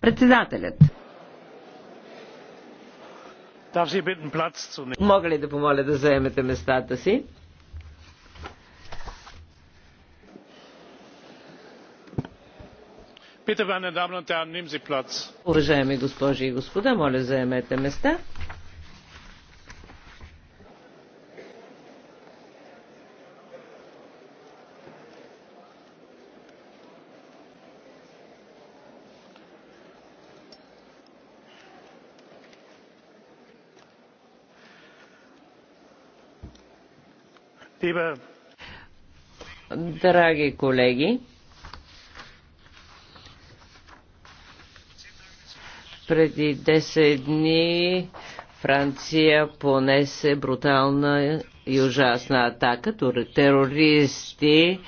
Председателят. Мога ли да помоля да заемете местата си? Уважаеми госпожи и господа, моля заемете места. Драги колеги, преди 10 дни Франция понесе брутална и ужасна атака. Терористи